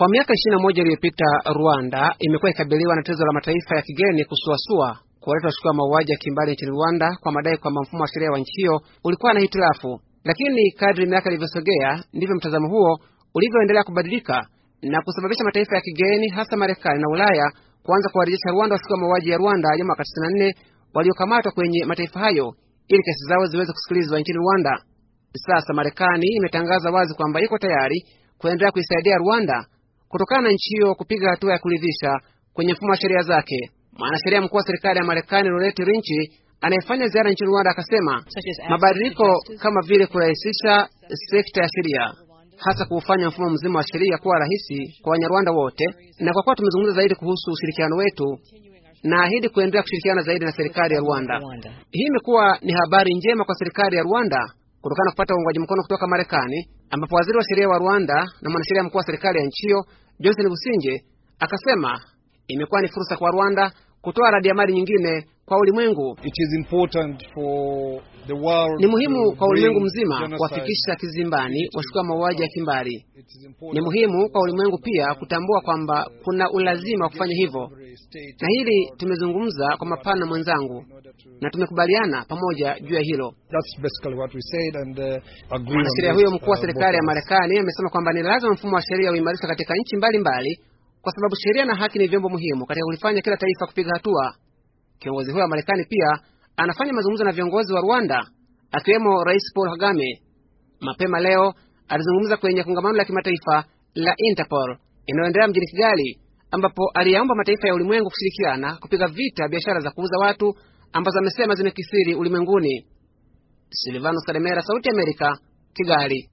Kwa miaka 21 iliyopita Rwanda imekuwa ikabiliwa na tatizo la mataifa ya kigeni kusuasua kuwaleta washukiwa mauaji ya kimbali nchini Rwanda kwa madai kwamba mfumo wa sheria wa nchi hiyo ulikuwa na hitilafu. Lakini kadri miaka ilivyosogea ndivyo mtazamo huo ulivyoendelea kubadilika na kusababisha mataifa ya kigeni hasa Marekani na Ulaya kuanza kuwarejesha Rwanda washukiwa mauaji ya Rwanda ya mwaka 94 waliokamatwa kwenye mataifa hayo ili kesi zao ziweze kusikilizwa nchini Rwanda. Sasa Marekani imetangaza wazi kwamba iko tayari kuendelea kuisaidia Rwanda kutokana na nchi hiyo kupiga hatua ya kuridhisha kwenye mfumo wa sheria zake. Mwanasheria mkuu wa serikali ya Marekani Loreti Rinchi anayefanya ziara nchini Rwanda akasema mabadiliko kama vile kurahisisha sekta ya sheria, hasa kuufanya mfumo mzima wa sheria kuwa rahisi kwa Wanyarwanda wote. Na kwa kuwa tumezungumza zaidi kuhusu ushirikiano wetu, naahidi kuendelea kushirikiana zaidi na serikali ya Rwanda. Hii imekuwa ni habari njema kwa serikali ya Rwanda kutokana na kupata uungwaji mkono kutoka Marekani, ambapo waziri wa sheria wa Rwanda na mwanasheria mkuu wa serikali ya nchi hiyo Johnson Businje akasema imekuwa ni fursa kwa Rwanda kutoa mali nyingine kwa ulimwengu. It is important for the world, ni muhimu kwa ulimwengu mzima kuwafikisha kizimbani washukiwa mauaji ya kimbari. Ni muhimu kwa ulimwengu pia kutambua kwamba kuna ulazima wa kufanya hivyo na hili tumezungumza kwa mapana mwenzangu, na tumekubaliana pamoja juu ya hilo. Uh, Mwanasheria uh, huyo mkuu wa serikali ya Marekani amesema kwamba ni lazima mfumo wa sheria uimarishwe katika nchi mbalimbali, kwa sababu sheria na haki ni vyombo muhimu katika kulifanya kila taifa kupiga hatua. Kiongozi huyo wa Marekani pia anafanya mazungumzo na viongozi wa Rwanda, akiwemo Rais Paul Kagame. Mapema leo alizungumza kwenye kongamano la kimataifa la Interpol inayoendelea mjini Kigali ambapo aliyaomba mataifa ya ulimwengu kushirikiana kupiga vita biashara za kuuza watu ambazo amesema zimekisiri ulimwenguni. Silvano Karemera, Sauti Amerika, Kigali.